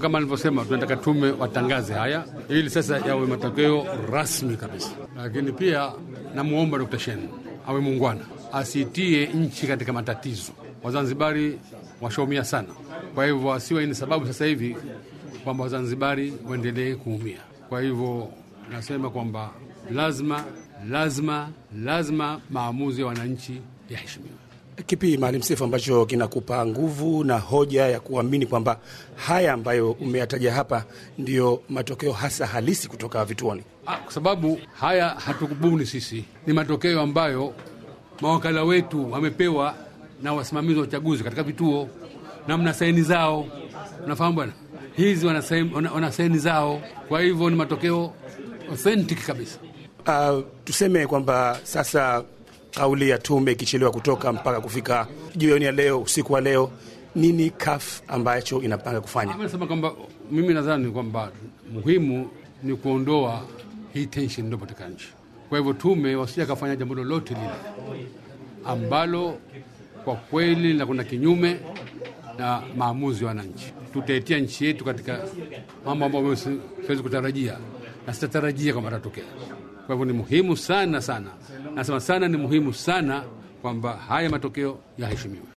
Kama alivyosema, tunataka tume watangaze haya ili sasa yawe matokeo rasmi kabisa, lakini pia namwomba Dr. shen awe muungwana, asitie nchi katika matatizo. Wazanzibari washaumia sana, kwa hivyo asiwe ni sababu sasa hivi kwamba Wazanzibari waendelee kuumia. Kwa hivyo nasema kwamba lazima lazima lazima maamuzi ya wananchi yaheshimiwe. Kipi Maalim sefu ambacho kinakupa nguvu na hoja ya kuamini kwamba haya ambayo umeyataja hapa ndiyo matokeo hasa halisi kutoka vituoni? Ah, kwa sababu haya hatukubuni sisi, ni matokeo ambayo mawakala wetu wamepewa na wasimamizi wa uchaguzi katika vituo, na mna saini zao, unafahamu bwana, hizi wana saini, wana saini zao. Kwa hivyo ni matokeo authentic kabisa. Uh, tuseme kwamba sasa kauli ya tume ikichelewa kutoka mpaka kufika jioni ya leo, usiku wa leo, nini CAF ambacho inapanga kufanya? Amesema kwamba mimi nadhani kwamba muhimu ni kuondoa hii tension ndio katika nchi. Kwa hivyo tume wasija kafanya jambo lolote lile ambalo kwa kweli linakwenda kinyume na maamuzi ya wananchi. Tutaitia nchi yetu katika mambo ambayo siwezi kutarajia na sitatarajia kwamba atatokea. Kwa hivyo ni muhimu sana sana, nasema sana, ni muhimu sana kwamba haya matokeo yaheshimiwe.